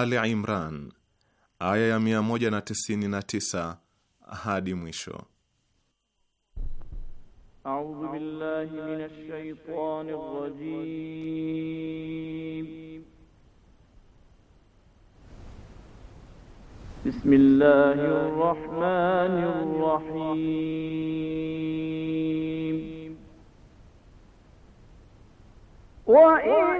Ali Imran aya ya 199 hadi mwisho. A'udhu billahi minash shaitani rrajim. Bismillahir rahmanir rahim. Wa in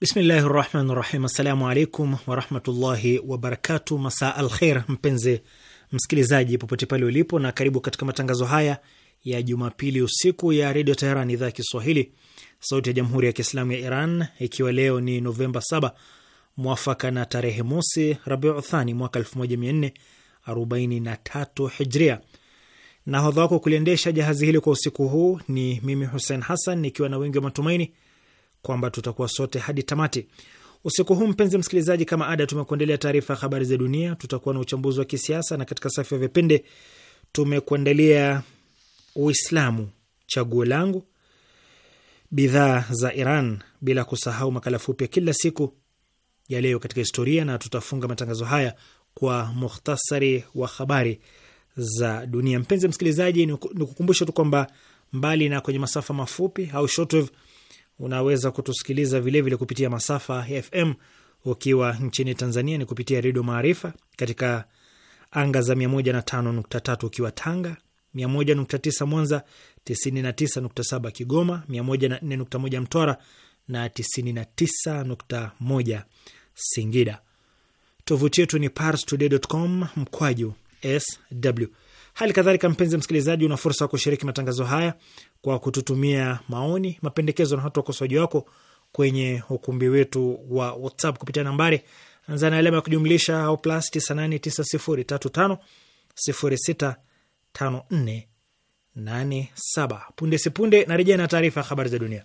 Bismillahi rahmani rahim. Assalamu alaikum warahmatullahi wabarakatu. masa al kher, mpenzi msikilizaji popote pale ulipo, na karibu katika matangazo haya ya Jumapili usiku ya redio Teheran, idhaa ya Kiswahili, sauti ya jamhuri ya kiislamu ya Iran, ikiwa leo ni Novemba 7 mwafaka na tarehe mosi Rabiu Thani mwaka 1443 Hijria. Nahodha wako kuliendesha jahazi hili kwa usiku huu ni mimi Hussein Hassan, nikiwa na wengi wa matumaini kwamba tutakuwa sote hadi tamati usiku huu. Mpenzi msikilizaji, kama ada, tumekuandalia taarifa ya habari za dunia, tutakuwa na uchambuzi wa kisiasa, na katika safu ya vipindi tumekuandalia Uislamu chaguo langu, bidhaa za Iran, bila kusahau makala fupi ya kila siku ya leo katika historia, na tutafunga matangazo haya kwa mukhtasari wa habari za dunia. Mpenzi msikilizaji, ni kukumbusha tu kwamba mbali na kwenye masafa mafupi au shortwave Unaweza kutusikiliza vilevile vile kupitia masafa ya FM ukiwa nchini Tanzania ni kupitia Redio Maarifa katika anga za 105.3 ukiwa Tanga, 101.9 Mwanza, 99.7 Kigoma, 104.1 Mtwara na 99.1 Singida. Tovuti yetu ni parstoday.com mkwaju sw. Hali kadhalika, mpenzi msikilizaji, una fursa ya kushiriki matangazo haya kwa kututumia maoni, mapendekezo na hata ukosoaji wako kwenye ukumbi wetu wa WhatsApp kupitia nambari anza na alama ya kujumlisha au plus 989035065487. Punde sipunde narejea na taarifa ya habari za dunia.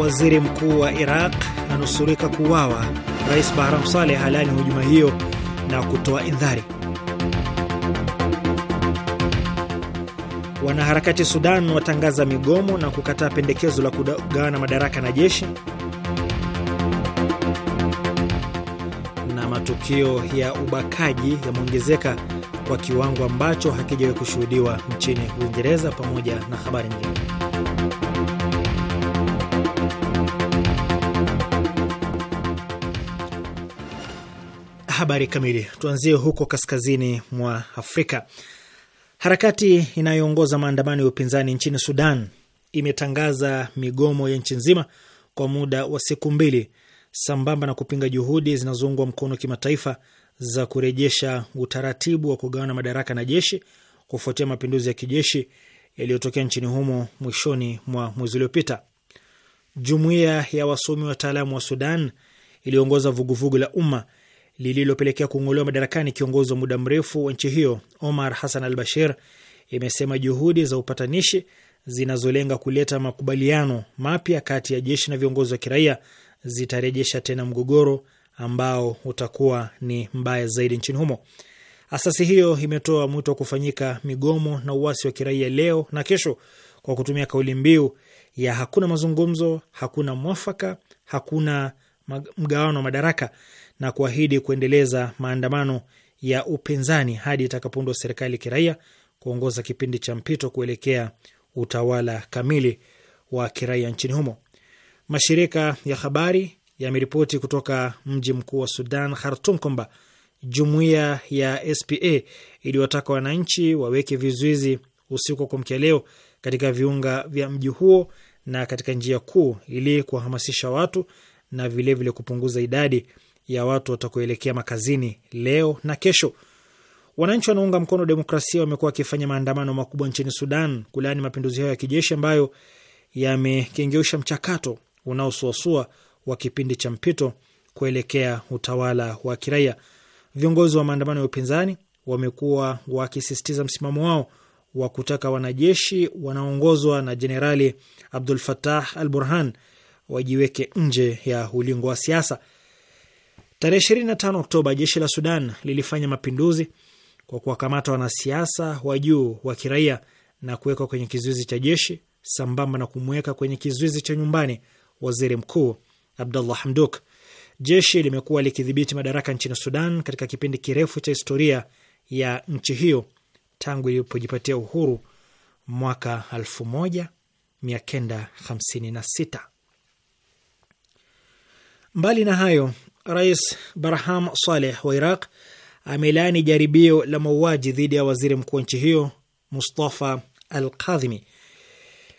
waziri mkuu wa Iraq anusurika kuuawa. Rais Bahram Saleh halani hujuma hiyo na kutoa indhari. Wanaharakati Sudan watangaza migomo na kukataa pendekezo la kugawana madaraka na jeshi. Na matukio ya ubakaji yameongezeka kwa kiwango ambacho hakijawahi kushuhudiwa nchini Uingereza, pamoja na habari nyingine. habari kamili. Tuanzie huko kaskazini mwa Afrika. Harakati inayoongoza maandamano ya upinzani nchini Sudan imetangaza migomo ya nchi nzima kwa muda wa siku mbili sambamba na kupinga juhudi zinazoungwa mkono kimataifa za kurejesha utaratibu wa kugawana madaraka na jeshi kufuatia mapinduzi ya kijeshi yaliyotokea nchini humo mwishoni mwa mwezi uliopita. Jumuiya ya wasomi wataalamu wa Sudan iliyoongoza vuguvugu la umma lililopelekea kung'olewa madarakani kiongozi wa muda mrefu wa nchi hiyo Omar Hassan al Bashir, imesema juhudi za upatanishi zinazolenga kuleta makubaliano mapya kati ya jeshi na viongozi wa kiraia zitarejesha tena mgogoro ambao utakuwa ni mbaya zaidi nchini humo. Asasi hiyo imetoa mwito wa kufanyika migomo na uasi wa kiraia leo na kesho kwa kutumia kauli mbiu ya hakuna mazungumzo, hakuna mwafaka, hakuna mgawano wa madaraka na kuahidi kuendeleza maandamano ya upinzani hadi itakapoundwa serikali kiraia kuongoza kipindi cha mpito kuelekea utawala kamili wa kiraia nchini humo. Mashirika ya habari yameripoti kutoka mji mkuu wa Sudan, Khartum, kwamba jumuiya ya SPA iliwataka wananchi waweke vizuizi usiku kwa mkia leo katika viunga vya mji huo na katika njia kuu ili kuwahamasisha watu na vilevile vile kupunguza idadi ya watu watakuelekea makazini leo na kesho. Wananchi wanaunga mkono demokrasia wamekuwa wakifanya maandamano makubwa nchini Sudan kulaani mapinduzi hayo ya kijeshi ambayo yamekengeusha mchakato unaosuasua wa kipindi cha mpito kuelekea utawala wa kiraia. Viongozi wa maandamano ya upinzani wamekuwa wakisisitiza msimamo wao wa kutaka wanajeshi wanaoongozwa na Jenerali Abdul Fatah al Burhan wajiweke nje ya ulingo wa siasa. Tarehe 25 Oktoba, jeshi la Sudan lilifanya mapinduzi kwa kuwakamata wanasiasa wa juu wa kiraia na kuwekwa kwenye kizuizi cha jeshi sambamba na kumweka kwenye kizuizi cha nyumbani waziri mkuu Abdullah Hamduk. Jeshi limekuwa likidhibiti madaraka nchini Sudan katika kipindi kirefu cha historia ya nchi hiyo tangu ilipojipatia uhuru mwaka 1956. Mbali na hayo, Rais Barham Saleh wa Iraq amelaani jaribio la mauaji dhidi ya waziri mkuu wa nchi hiyo Mustafa Al Kadhimi.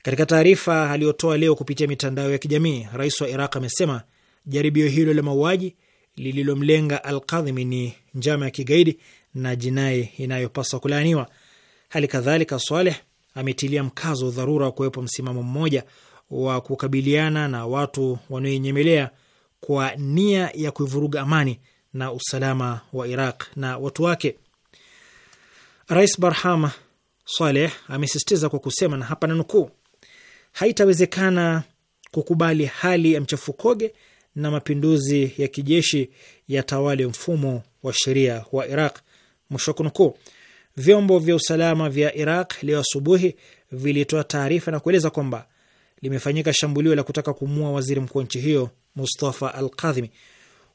Katika taarifa aliyotoa leo kupitia mitandao ya kijamii, rais wa Iraq amesema jaribio hilo la mauaji lililomlenga Al Kadhimi ni njama ya kigaidi na jinai inayopaswa kulaaniwa. Hali kadhalika, Saleh ametilia mkazo dharura wa kuwepo msimamo mmoja wa kukabiliana na watu wanaoinyemelea kwa nia ya kuivuruga amani na usalama wa Iraq na watu wake. Rais Barham Saleh amesisitiza kwa kusema, na hapa nanukuu, haitawezekana kukubali hali ya mchafukoge na mapinduzi ya kijeshi yatawale mfumo wa sheria wa Iraq, mwisho wa kunukuu. Vyombo vya usalama vya Iraq leo asubuhi vilitoa taarifa na kueleza kwamba limefanyika shambulio la kutaka kumua waziri mkuu wa nchi hiyo Mustafa Al Kadhimi.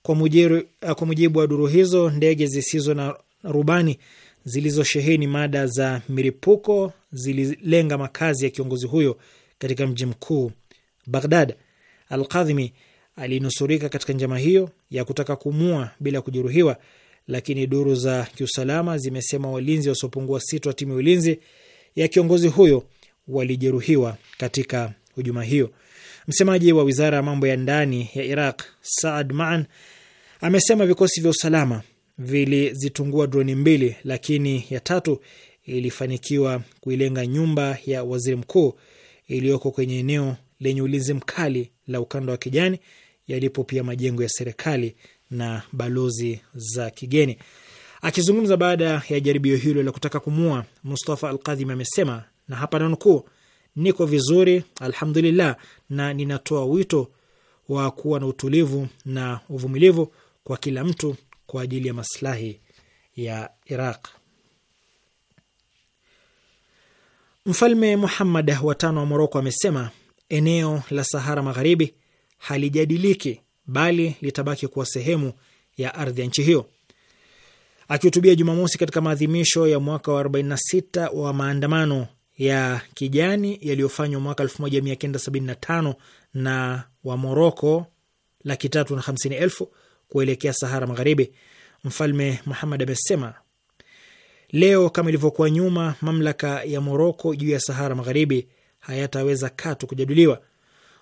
Eh, kwa mujibu wa duru hizo, ndege zisizo na rubani zilizosheheni mada za miripuko zililenga makazi ya kiongozi huyo katika mji mkuu Baghdad. Al Kadhimi alinusurika katika njama hiyo ya kutaka kumua bila kujeruhiwa, lakini duru za kiusalama zimesema walinzi wasiopungua sita wa timu ya ulinzi ya kiongozi huyo walijeruhiwa katika hujuma hiyo. Msemaji wa wizara ya mambo ya ndani ya Iraq Saad Maan amesema vikosi vya usalama vilizitungua droni mbili, lakini ya tatu ilifanikiwa kuilenga nyumba ya waziri mkuu iliyoko kwenye eneo lenye ulinzi mkali la ukanda wa kijani yalipo pia majengo ya serikali na balozi za kigeni. Akizungumza baada ya jaribio hilo la kutaka kumua, Mustafa Alkadhimi amesema na hapa nanukuu, niko vizuri alhamdulillah, na ninatoa wito wa kuwa na utulivu na uvumilivu kwa kila mtu kwa ajili ya maslahi ya Iraq. Mfalme Muhammad wa tano wa Moroko amesema eneo la Sahara Magharibi halijadiliki bali litabaki kuwa sehemu ya ardhi ya nchi hiyo. Akihutubia Jumamosi katika maadhimisho ya mwaka wa 46 wa maandamano ya kijani yaliyofanywa mwaka 1975 na wa Moroko laki tatu na hamsini elfu kuelekea Sahara Magharibi. Mfalme Muhammad amesema leo kama ilivyokuwa nyuma, mamlaka ya Moroko juu ya Sahara Magharibi hayataweza katu kujadiliwa.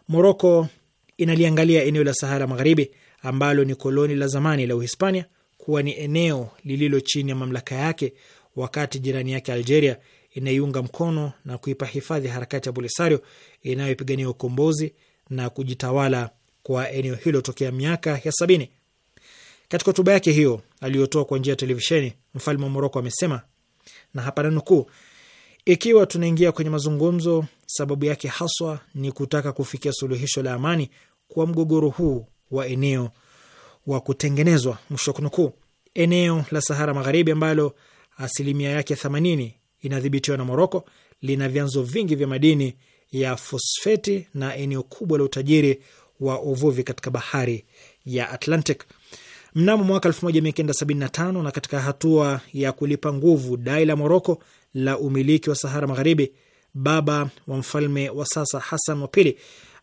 Moroko inaliangalia eneo la Sahara Magharibi ambalo ni koloni la zamani la Uhispania kuwa ni eneo lililo chini ya mamlaka yake, wakati jirani yake Algeria inaiunga mkono na kuipa hifadhi harakati ya Polisario inayopigania ukombozi na kujitawala kwa eneo hilo tokea miaka ya sabini. Katika hotuba yake hiyo aliyotoa kwa njia ya televisheni, mfalme wa Moroko amesema, na hapa nanukuu, ikiwa tunaingia kwenye mazungumzo, sababu yake haswa ni kutaka kufikia suluhisho la amani kwa mgogoro huu wa eneo wa kutengenezwa, mwisho kunukuu, eneo la Sahara Magharibi ambalo asilimia yake themanini inadhibitiwa na Moroko lina vyanzo vingi vya madini ya fosfeti na eneo kubwa la utajiri wa uvuvi katika bahari ya Atlantic. Mnamo mwaka 1975 na katika hatua ya kulipa nguvu dai la Moroko la umiliki wa Sahara Magharibi, baba wa mfalme wa sasa Hassan wa Pili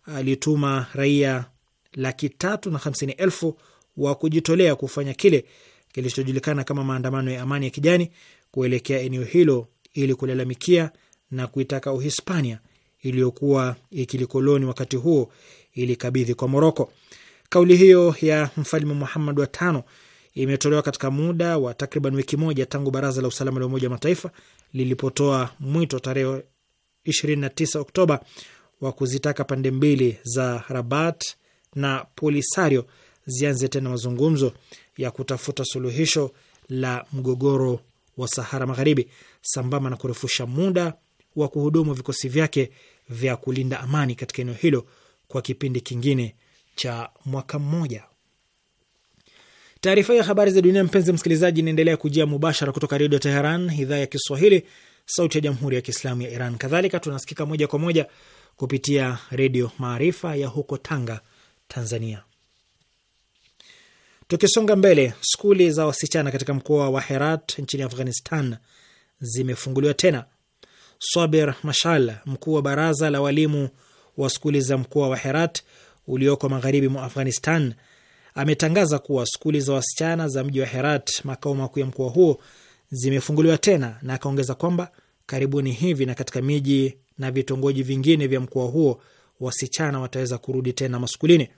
alituma raia laki tatu na hamsini elfu wa kujitolea kufanya kile kilichojulikana kama maandamano ya amani ya kijani kuelekea eneo hilo ili kulalamikia na kuitaka Uhispania iliyokuwa ikilikoloni wakati huo ilikabidhi kwa Moroko. Kauli hiyo ya mfalme Muhammad wa tano imetolewa katika muda wa takriban wiki moja tangu Baraza la Usalama la Umoja wa Mataifa lilipotoa mwito tarehe 29 Oktoba wa kuzitaka pande mbili za Rabat na Polisario zianze tena mazungumzo ya kutafuta suluhisho la mgogoro wa Sahara Magharibi, sambamba na kurefusha muda wa kuhudumu vikosi vyake vya kulinda amani katika eneo hilo kwa kipindi kingine cha mwaka mmoja. Taarifa ya habari za dunia, mpenzi msikilizaji, inaendelea kujia mubashara kutoka Redio Teheran, idhaa ya Kiswahili, sauti ya Jamhuri ya Kiislamu ya Iran. Kadhalika tunasikika moja kwa moja kupitia Redio Maarifa ya huko Tanga, Tanzania. Tukisonga mbele, skuli za wasichana katika mkoa wa Herat nchini Afghanistan zimefunguliwa tena. Sabir Mashal, mkuu wa baraza la walimu wa skuli za mkoa wa Herat ulioko magharibi mwa Afghanistan, ametangaza kuwa skuli za wasichana za mji wa Herat, makao makuu ya mkoa huo, zimefunguliwa tena, na akaongeza kwamba karibuni hivi na katika miji na vitongoji vingine vya mkoa huo wasichana wataweza kurudi tena maskulini.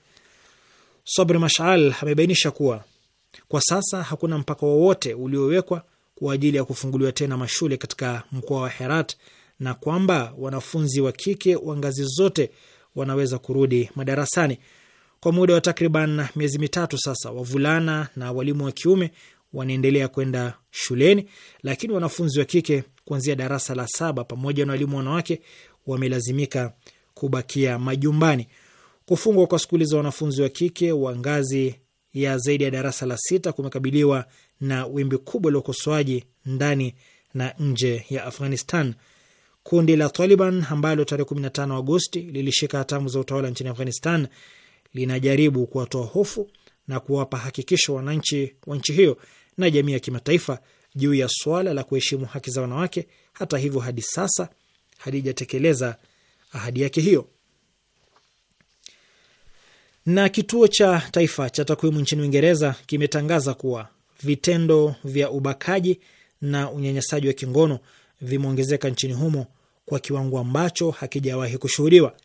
Sabri Mashal amebainisha kuwa kwa sasa hakuna mpaka wowote uliowekwa kwa ajili ya kufunguliwa tena mashule katika mkoa wa Herat na kwamba wanafunzi wa kike wa ngazi zote wanaweza kurudi madarasani. Kwa muda wa takriban miezi mitatu sasa, wavulana na walimu wa kiume wanaendelea kwenda shuleni, lakini wanafunzi wa kike kuanzia darasa la saba pamoja na walimu wanawake wamelazimika kubakia majumbani. Kufungwa kwa skuli za wanafunzi wa kike wa ngazi ya zaidi ya darasa la sita kumekabiliwa na wimbi kubwa la ukosoaji ndani na nje ya Afghanistan. Kundi la Taliban ambalo tarehe 15 Agosti lilishika hatamu za utawala nchini Afghanistan linajaribu kuwatoa hofu na kuwapa hakikisho wananchi wa nchi hiyo na jamii ya kimataifa juu ya swala la kuheshimu haki za wanawake. Hata hivyo, hadi sasa halijatekeleza ahadi yake hiyo. Na kituo cha taifa cha takwimu nchini Uingereza kimetangaza kuwa vitendo vya ubakaji na unyanyasaji wa kingono vimeongezeka nchini humo kwa kiwango ambacho hakijawahi kushuhudiwa.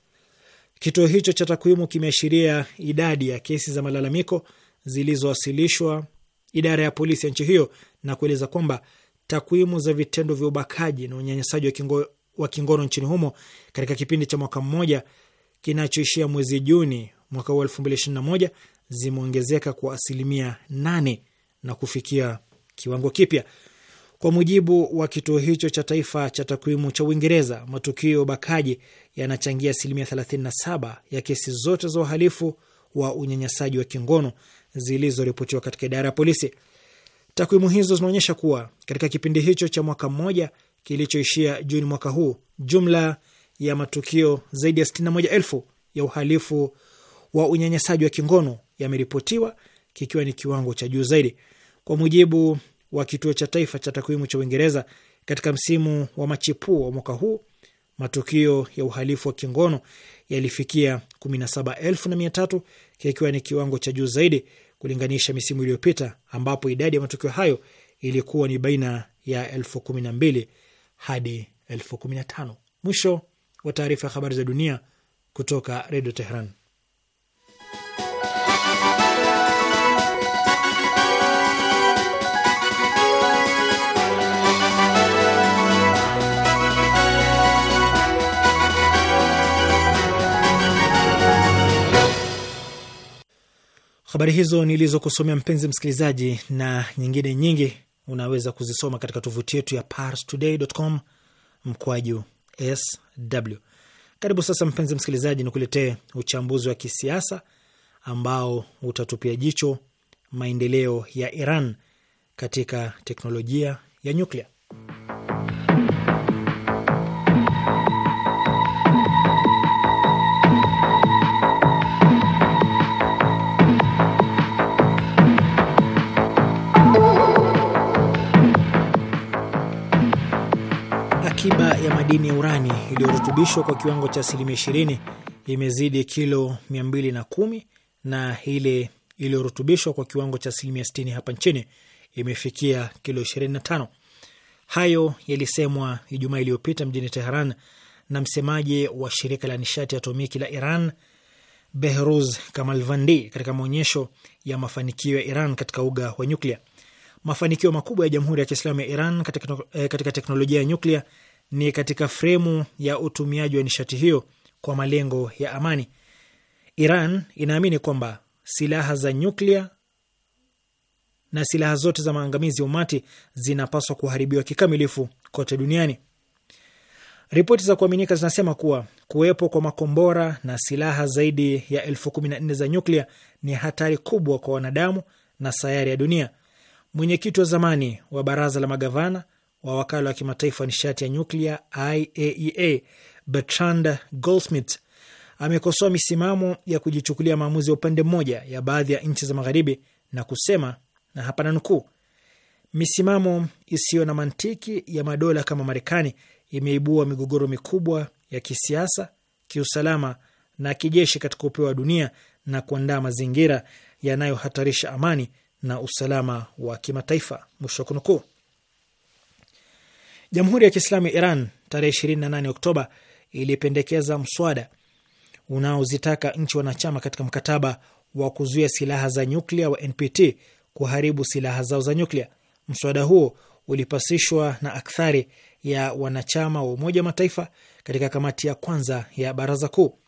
Kituo hicho cha takwimu kimeashiria idadi ya kesi za malalamiko zilizowasilishwa idara ya polisi ya nchi hiyo na kueleza kwamba takwimu za vitendo vya ubakaji na unyanyasaji wa, kingo, wa kingono nchini humo katika kipindi cha mwaka mmoja kinachoishia mwezi Juni mwaka huu 2021 zimeongezeka kwa asilimia 8 na kufikia kiwango kipya. Kwa mujibu wa kituo hicho cha taifa cha takwimu cha Uingereza, matukio ya ubakaji yanachangia asilimia 37 ya kesi zote za uhalifu wa unyanyasaji wa kingono zilizoripotiwa katika idara ya polisi. Takwimu hizo zinaonyesha kuwa katika kipindi hicho cha mwaka mmoja kilichoishia Juni mwaka huu, jumla ya matukio zaidi ya 61 elfu ya uhalifu wa unyanyasaji wa kingono yameripotiwa kikiwa ni kiwango cha juu zaidi. Kwa mujibu wa kituo cha taifa cha takwimu cha Uingereza, katika msimu wa machipuo wa mwaka huu matukio ya uhalifu wa kingono yalifikia 17,300 kikiwa ni kiwango cha juu zaidi kulinganisha misimu iliyopita ambapo idadi ya matukio hayo ilikuwa ni baina ya 12,000 hadi 15,000. Mwisho wa taarifa ya habari za dunia kutoka Redio Teheran. Habari hizo nilizokusomea mpenzi msikilizaji, na nyingine nyingi unaweza kuzisoma katika tovuti yetu ya parstoday.com mkwaju sw. Karibu sasa, mpenzi msikilizaji, nikuletee uchambuzi wa kisiasa ambao utatupia jicho maendeleo ya Iran katika teknolojia ya nyuklia. Akiba ya madini ya urani iliyorutubishwa kwa kiwango cha asilimia 20 imezidi kilo mbili na ile iliyorutubishwa kwa kiwango cha asilimia 60 hapa nchini imefikia kilo 25. Hayo yalisemwa Ijumaa iliyopita mjini Teheran na msemaji wa shirika la nishati atomiki la Iran Behruz Kamalvandi katika maonyesho ya mafanikio ya Iran katika uga wa nyuklia. Mafanikio makubwa ya Jamhuri ya Kiislamu ya Iran katika, eh, katika teknolojia ya nyuklia ni katika fremu ya utumiaji wa nishati hiyo kwa malengo ya amani. Iran inaamini kwamba silaha za nyuklia na silaha zote za maangamizi ya umati zinapaswa kuharibiwa kikamilifu kote duniani. Ripoti za kuaminika zinasema kuwa kuwepo kwa makombora na silaha zaidi ya elfu kumi na nne za nyuklia ni hatari kubwa kwa wanadamu na sayari ya dunia. Mwenyekiti wa zamani wa baraza la magavana wa wakala wa kimataifa wa nishati ya nyuklia IAEA e Bertrand Goldsmith amekosoa misimamo ya kujichukulia maamuzi ya upande mmoja ya baadhi ya nchi za Magharibi na kusema, na hapa nanukuu, misimamo isiyo na mantiki ya madola kama Marekani imeibua migogoro mikubwa ya kisiasa, kiusalama na kijeshi katika upeo wa dunia na kuandaa mazingira yanayohatarisha amani na usalama wa kimataifa, mwisho wa kunukuu. Jamhuri ya Kiislamu ya Iran tarehe 28 Oktoba ilipendekeza mswada unaozitaka nchi wanachama katika mkataba wa kuzuia silaha za nyuklia wa NPT kuharibu silaha zao za nyuklia. Mswada huo ulipasishwa na akthari ya wanachama wa Umoja wa Mataifa katika kamati ya kwanza ya Baraza Kuu.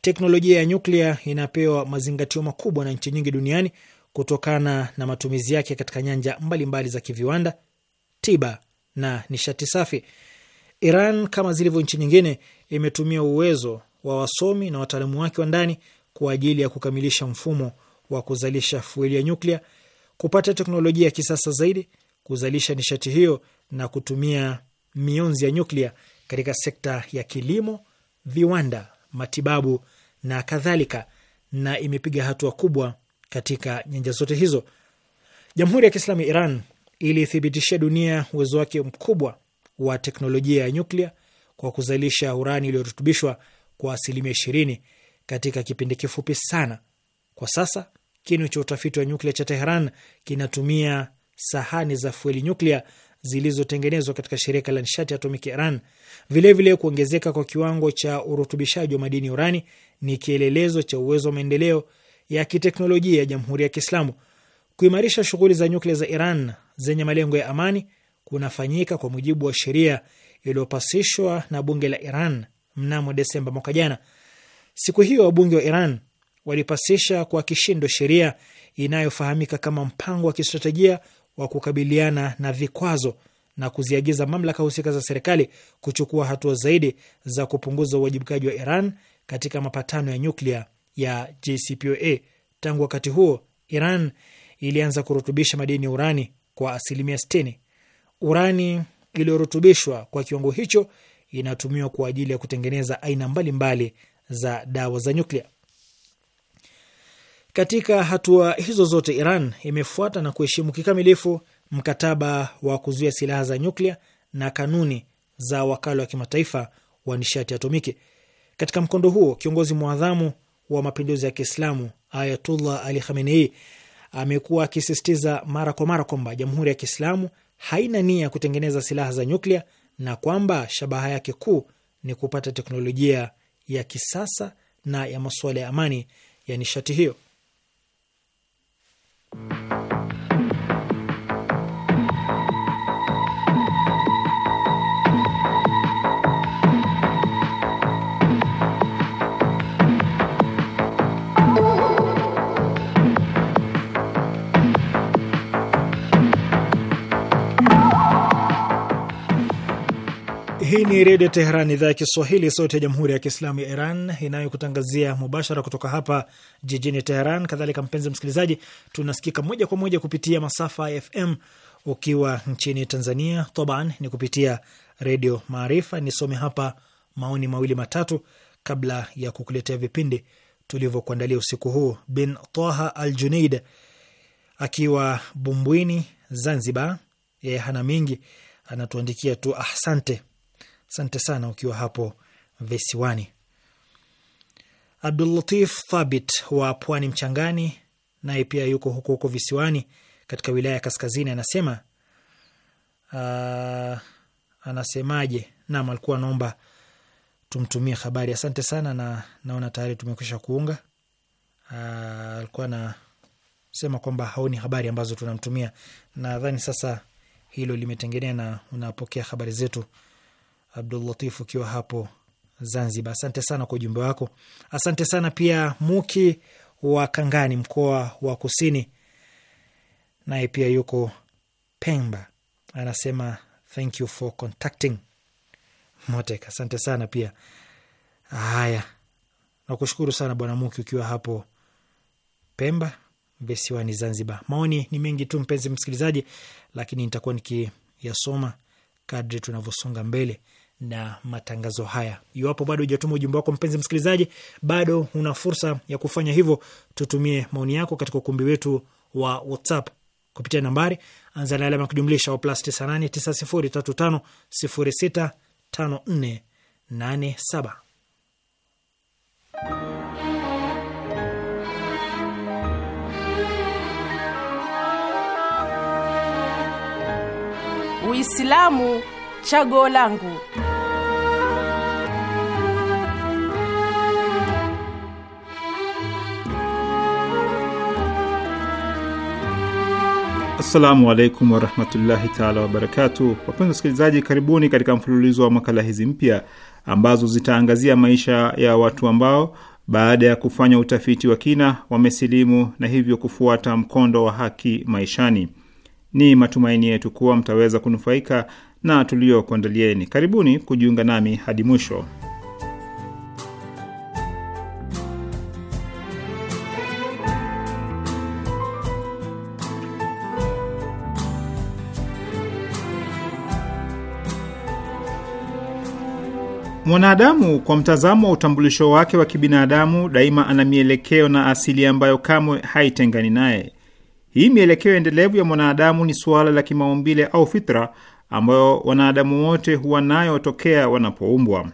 Teknolojia ya nyuklia inapewa mazingatio makubwa na nchi nyingi duniani kutokana na matumizi yake katika nyanja mbalimbali mbali za kiviwanda, tiba na nishati safi. Iran kama zilivyo nchi nyingine imetumia uwezo wa wasomi na wataalamu wake wa ndani kwa ajili ya kukamilisha mfumo wa kuzalisha fueli ya nyuklia, kupata teknolojia ya kisasa zaidi, kuzalisha nishati hiyo na kutumia mionzi ya nyuklia katika sekta ya kilimo, viwanda, matibabu na kadhalika, na imepiga hatua kubwa katika nyanja zote hizo. Jamhuri ya Kiislamu ya Iran iliithibitisha dunia uwezo wake mkubwa wa teknolojia ya nyuklia kwa kuzalisha urani iliyorutubishwa kwa asilimia ishirini katika kipindi kifupi sana. Kwa sasa kinu cha utafiti wa nyuklia cha Teheran kinatumia sahani za fueli nyuklia zilizotengenezwa katika shirika la nishati ya atomiki Iran. Vilevile, kuongezeka kwa kiwango cha urutubishaji wa madini urani ni kielelezo cha uwezo wa maendeleo ya kiteknolojia ya Jamhuri ya Kiislamu. Kuimarisha shughuli za nyuklia za Iran zenye malengo ya amani kunafanyika kwa mujibu wa sheria iliyopasishwa na bunge la Iran mnamo Desemba mwaka jana. Siku hiyo wabunge wa Iran walipasisha kwa kishindo sheria inayofahamika kama mpango wa kistratejia wa kukabiliana na vikwazo na kuziagiza mamlaka husika za serikali kuchukua hatua zaidi za kupunguza uwajibikaji wa Iran katika mapatano ya nyuklia ya JCPOA. Tangu wakati huo Iran ilianza kurutubisha madini ya urani kwa asilimia 60. Urani iliyorutubishwa kwa kiwango hicho inatumiwa kwa ajili ya kutengeneza aina mbalimbali mbali za dawa za nyuklia. Katika hatua hizo zote, Iran imefuata na kuheshimu kikamilifu mkataba wa kuzuia silaha za nyuklia na kanuni za wakala wa kimataifa wa nishati atomiki. Katika mkondo huo, kiongozi mwadhamu wa mapinduzi ya Kiislamu Ayatullah Ali Khamenei amekuwa akisisitiza mara kwa mara kwamba Jamhuri ya Kiislamu haina nia ya kutengeneza silaha za nyuklia na kwamba shabaha yake kuu ni kupata teknolojia ya kisasa na ya masuala ya amani ya nishati hiyo. Hii ni Redio Teheran, idhaa ya Kiswahili, sauti ya Jamhuri ya Kiislamu ya Iran inayokutangazia mubashara kutoka hapa jijini Teheran. Kadhalika mpenzi msikilizaji, tunasikika moja kwa moja kupitia masafa ya FM ukiwa nchini Tanzania toban ni kupitia Redio Maarifa. Nisome hapa maoni mawili matatu kabla ya kukuletea vipindi tulivyokuandalia usiku huu. Bin Taha Al Junaid akiwa Bumbwini, Zanzibar, yeye hana mingi, anatuandikia tu ahsante. Asante sana ukiwa hapo visiwani. Abdulatif Thabit wa Pwani Mchangani naye pia yuko huko huko visiwani katika wilaya ya Kaskazini, anasema uh, anasemaje? Naam, alikuwa anaomba tumtumie habari. Asante sana, na naona tayari tumekwisha kuunga. Uh, alikuwa anasema kwamba haoni habari ambazo tunamtumia. Nadhani sasa hilo limetengenea na unapokea habari zetu abdulatif ukiwa hapo Zanzibar. Asante sana kwa ujumbe wako. Asante sana pia Muki wa Kangani, mkoa wa Kusini, naye pia yuko Pemba, anasema thank you for contacting Motek. Asante sana pia. Haya, nakushukuru sana bwana Muki ukiwa hapo Pemba visiwani Zanzibar. Maoni ni mengi tu, mpenzi msikilizaji, lakini nitakuwa nikiyasoma kadri tunavyosonga mbele na matangazo haya. Iwapo bado hujatuma ujumbe wako, mpenzi msikilizaji, bado una fursa ya kufanya hivyo. Tutumie maoni yako katika ukumbi wetu wa WhatsApp kupitia nambari anza na alama ya kujumlisha wa plus 989035065487. Uislamu chaguo langu. Assalamu alaikum warahmatullahi taala wabarakatu. Wapenzi wasikilizaji, karibuni katika mfululizo wa makala hizi mpya ambazo zitaangazia maisha ya watu ambao baada ya kufanya utafiti wa kina wamesilimu na hivyo kufuata mkondo wa haki maishani. Ni matumaini yetu kuwa mtaweza kunufaika na tuliokuandalieni Karibuni kujiunga nami hadi mwisho. Mwanadamu kwa mtazamo wa utambulisho wake wa kibinadamu daima ana mielekeo na asili ambayo kamwe haitengani naye. Hii mielekeo endelevu ya mwanadamu ni suala la kimaumbile au fitra ambayo wanadamu wote huwa nayo tokea wanapoumbwa.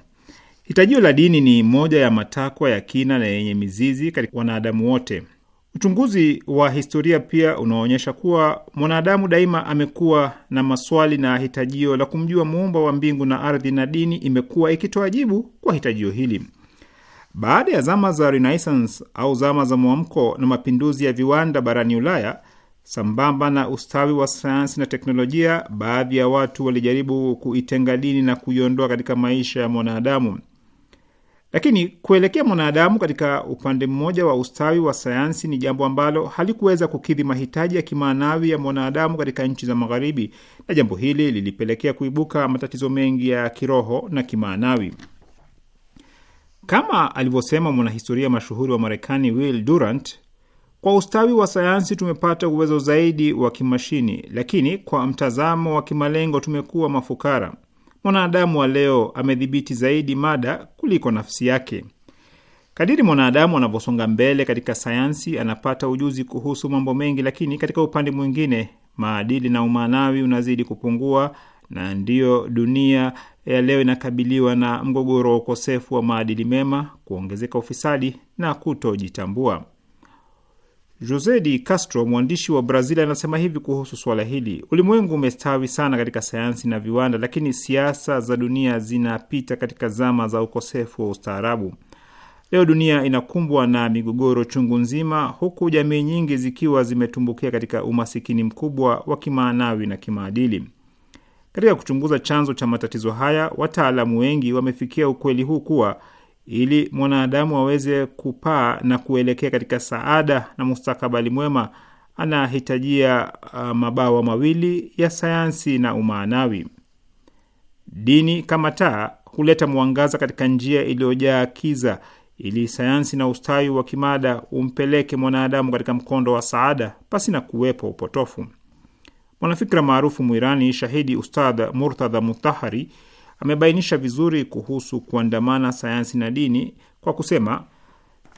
Hitajio la dini ni moja ya matakwa ya kina na yenye mizizi katika wanadamu wote. Uchunguzi wa historia pia unaonyesha kuwa mwanadamu daima amekuwa na maswali na hitajio la kumjua muumba wa mbingu na ardhi, na dini imekuwa ikitoa jibu kwa hitajio hili. Baada ya zama za Renaissance au zama za mwamko na mapinduzi ya viwanda barani Ulaya, sambamba na ustawi wa sayansi na teknolojia, baadhi ya watu walijaribu kuitenga dini na kuiondoa katika maisha ya mwanadamu. Lakini kuelekea mwanadamu katika upande mmoja wa ustawi wa sayansi ni jambo ambalo halikuweza kukidhi mahitaji ya kimaanawi ya mwanadamu katika nchi za Magharibi, na jambo hili lilipelekea kuibuka matatizo mengi ya kiroho na kimaanawi, kama alivyosema mwanahistoria mashuhuri wa Marekani Will Durant. Kwa ustawi wa sayansi tumepata uwezo zaidi wa kimashini, lakini kwa mtazamo wa kimalengo tumekuwa mafukara mwanadamu wa leo amedhibiti zaidi mada kuliko nafsi yake. Kadiri mwanadamu anavyosonga mbele katika sayansi, anapata ujuzi kuhusu mambo mengi, lakini katika upande mwingine, maadili na umaanawi unazidi kupungua, na ndiyo dunia ya leo inakabiliwa na mgogoro wa ukosefu wa maadili mema, kuongezeka ufisadi na kutojitambua. Jose de Castro, mwandishi wa Brazil, anasema hivi kuhusu suala hili: ulimwengu umestawi sana katika sayansi na viwanda, lakini siasa za dunia zinapita katika zama za ukosefu wa ustaarabu. Leo dunia inakumbwa na migogoro chungu nzima, huku jamii nyingi zikiwa zimetumbukia katika umasikini mkubwa wa kimaanawi na kimaadili. Katika kuchunguza chanzo cha matatizo haya, wataalamu wengi wamefikia ukweli huu kuwa ili mwanadamu aweze kupaa na kuelekea katika saada na mustakabali mwema, anahitajia uh, mabawa mawili ya sayansi na umaanawi. Dini kama taa huleta mwangaza katika njia iliyojaa kiza, ili sayansi na ustawi wa kimada umpeleke mwanadamu katika mkondo wa saada pasi na kuwepo upotofu. mwanafikira maarufu Mwirani shahidi Ustadh Murtadha Mutahari amebainisha vizuri kuhusu kuandamana sayansi na dini kwa kusema,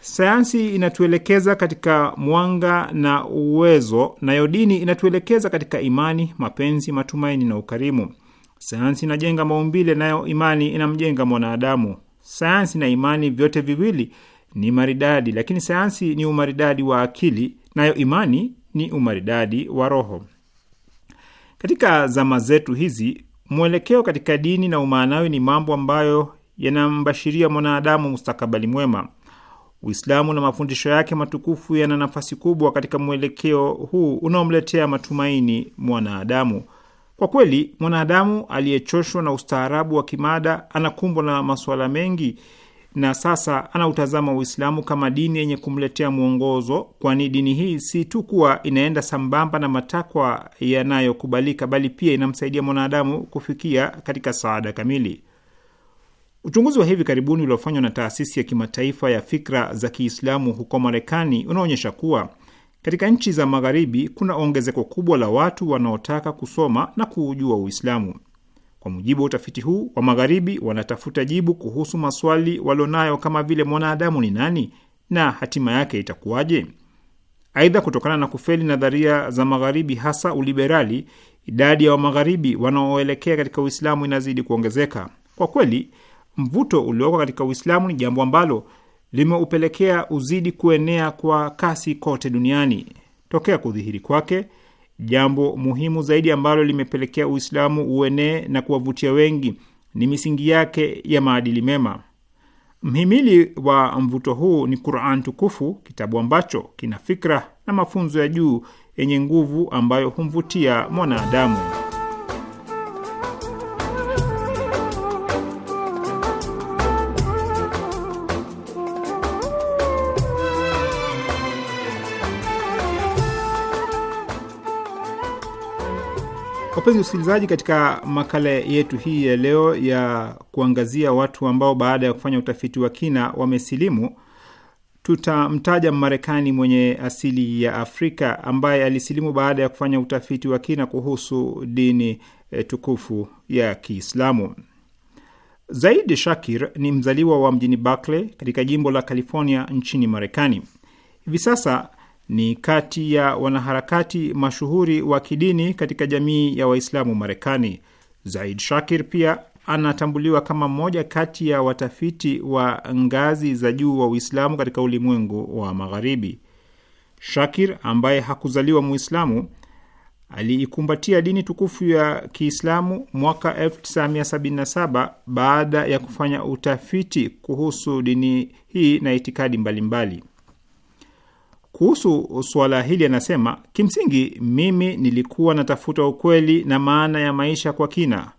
sayansi inatuelekeza katika mwanga na uwezo, nayo dini inatuelekeza katika imani, mapenzi, matumaini na ukarimu. Sayansi inajenga maumbile, nayo imani inamjenga mwanadamu. Sayansi na imani vyote viwili ni maridadi, lakini sayansi ni umaridadi wa akili, nayo imani ni umaridadi wa roho. Katika zama zetu hizi Mwelekeo katika dini na umaanawi ni mambo ambayo yanambashiria mwanadamu mustakabali mwema. Uislamu na mafundisho yake matukufu yana nafasi kubwa katika mwelekeo huu unaomletea matumaini mwanadamu. Kwa kweli, mwanadamu aliyechoshwa na ustaarabu wa kimada anakumbwa na masuala mengi na sasa anautazama Uislamu kama dini yenye kumletea mwongozo, kwani dini hii si tu kuwa inaenda sambamba na matakwa yanayokubalika, bali pia inamsaidia mwanadamu kufikia katika saada kamili. Uchunguzi wa hivi karibuni uliofanywa na taasisi ya kimataifa ya fikra za Kiislamu huko Marekani unaonyesha kuwa katika nchi za Magharibi kuna ongezeko kubwa la watu wanaotaka kusoma na kuujua Uislamu. Kwa mujibu wa utafiti huu wa Magharibi, wanatafuta jibu kuhusu maswali walionayo kama vile mwanadamu ni nani na hatima yake itakuwaje. Aidha, kutokana na kufeli nadharia za Magharibi, hasa uliberali, idadi ya Wamagharibi wanaoelekea katika Uislamu inazidi kuongezeka. Kwa kweli, mvuto ulioko katika Uislamu ni jambo ambalo limeupelekea uzidi kuenea kwa kasi kote duniani tokea kudhihiri kwake Jambo muhimu zaidi ambalo limepelekea Uislamu uenee na kuwavutia wengi ni misingi yake ya maadili mema. Mhimili wa mvuto huu ni Quran tukufu, kitabu ambacho kina fikra na mafunzo ya juu yenye nguvu ambayo humvutia mwanadamu. Wapenzi wasikilizaji, katika makala yetu hii ya leo ya kuangazia watu ambao baada ya kufanya utafiti wa kina wamesilimu, tutamtaja Mmarekani mwenye asili ya Afrika ambaye alisilimu baada ya kufanya utafiti wa kina kuhusu dini e, tukufu ya Kiislamu. Zaid Shakir ni mzaliwa wa mjini Berkeley katika jimbo la California nchini Marekani. Hivi sasa ni kati ya wanaharakati mashuhuri wa kidini katika jamii ya Waislamu Marekani. Zaid Shakir pia anatambuliwa kama mmoja kati ya watafiti wa ngazi za juu wa Uislamu katika ulimwengu wa Magharibi. Shakir ambaye hakuzaliwa Muislamu aliikumbatia dini tukufu ya Kiislamu mwaka 1977 baada ya kufanya utafiti kuhusu dini hii na itikadi mbalimbali mbali. Kuhusu suala hili anasema, kimsingi mimi nilikuwa natafuta ukweli na maana ya maisha kwa kina.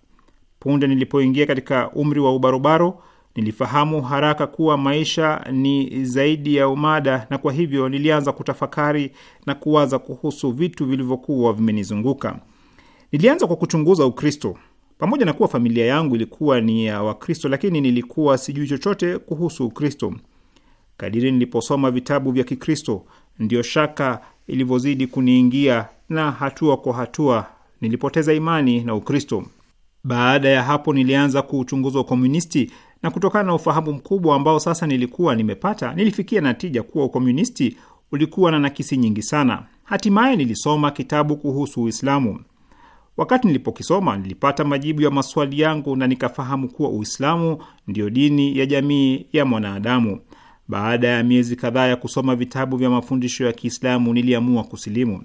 Punde nilipoingia katika umri wa ubarobaro, nilifahamu haraka kuwa maisha ni zaidi ya umada, na kwa hivyo nilianza kutafakari na kuwaza kuhusu vitu vilivyokuwa vimenizunguka. Nilianza kwa kuchunguza Ukristo. Pamoja na kuwa familia yangu ilikuwa ni ya Wakristo, lakini nilikuwa sijui chochote kuhusu Ukristo. Kadiri niliposoma vitabu vya Kikristo ndiyo shaka ilivyozidi kuniingia, na hatua kwa hatua nilipoteza imani na Ukristo. Baada ya hapo, nilianza kuuchunguza ukomunisti na kutokana na ufahamu mkubwa ambao sasa nilikuwa nimepata, nilifikia natija kuwa ukomunisti ulikuwa na nakisi nyingi sana. Hatimaye nilisoma kitabu kuhusu Uislamu. Wakati nilipokisoma nilipata majibu ya maswali yangu na nikafahamu kuwa Uislamu ndiyo dini ya jamii ya mwanadamu. Baada ya miezi kadhaa ya kusoma vitabu vya mafundisho ya Kiislamu niliamua kusilimu.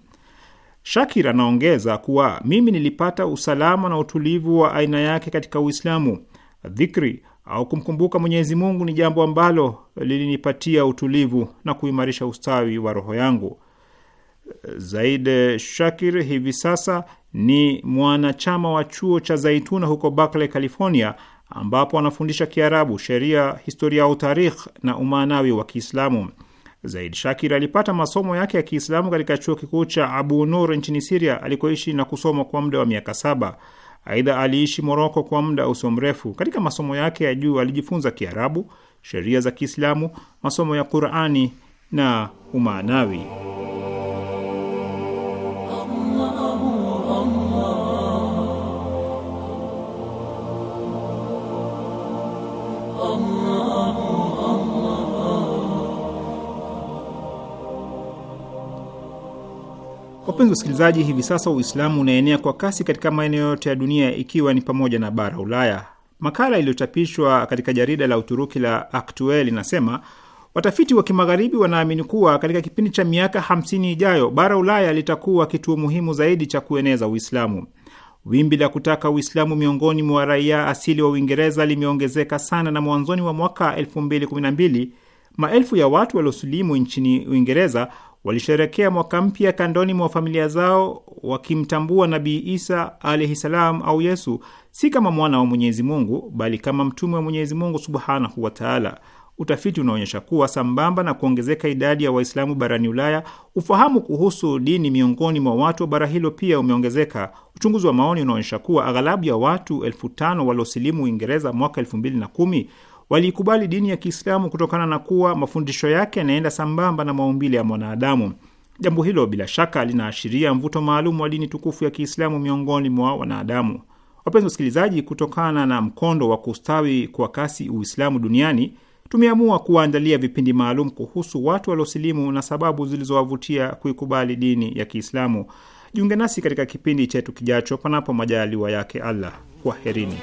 Shakir anaongeza kuwa mimi nilipata usalama na utulivu wa aina yake katika Uislamu. Dhikri au kumkumbuka Mwenyezi Mungu ni jambo ambalo lilinipatia utulivu na kuimarisha ustawi wa roho yangu. Zaid Shakir hivi sasa ni mwanachama wa chuo cha Zaituna huko Berkeley, California ambapo anafundisha Kiarabu, sheria, historia au tarikh na umaanawi wa Kiislamu. Zaid Shakir alipata masomo yake ya Kiislamu katika chuo kikuu cha Abu Nur nchini Siria, alikoishi na kusoma kwa muda wa miaka saba. Aidha, aliishi Moroko kwa muda usio mrefu. Katika masomo yake ya juu alijifunza Kiarabu, sheria za Kiislamu, masomo ya Qurani na umaanawi. Wapenzi wasikilizaji, hivi sasa Uislamu unaenea kwa kasi katika maeneo yote ya dunia ikiwa ni pamoja na bara Ulaya. Makala iliyochapishwa katika jarida la Uturuki la Aktuel inasema watafiti wa kimagharibi wanaamini kuwa katika kipindi cha miaka 50 ijayo bara Ulaya litakuwa kituo muhimu zaidi cha kueneza Uislamu. Wimbi la kutaka Uislamu miongoni mwa raia asili wa Uingereza limeongezeka sana, na mwanzoni wa mwaka 2012 maelfu ya watu waliosulimu nchini Uingereza walisherekea mwaka mpya kandoni mwa familia zao wakimtambua Nabii Isa alaihi salam au Yesu si kama mwana wa Mwenyezi Mungu bali kama mtume wa Mwenyezi Mungu subhanahu wataala. Utafiti unaonyesha kuwa sambamba na kuongezeka idadi ya Waislamu barani Ulaya, ufahamu kuhusu dini miongoni mwa watu wa bara hilo pia umeongezeka. Uchunguzi wa maoni unaonyesha kuwa aghalabu ya watu elfu tano waliosilimu Uingereza mwaka elfu mbili na kumi waliikubali dini ya Kiislamu kutokana na kuwa mafundisho yake yanaenda sambamba na maumbile ya mwanadamu. Jambo hilo bila shaka linaashiria mvuto maalum wa dini tukufu ya Kiislamu miongoni mwa wanadamu. Wapenzi wasikilizaji, kutokana na mkondo wa kustawi kwa kasi Uislamu duniani tumeamua kuwaandalia vipindi maalum kuhusu watu waliosilimu na sababu zilizowavutia kuikubali dini ya Kiislamu. Jiunge nasi katika kipindi chetu kijacho, panapo majaliwa yake Allah. Kwaherini.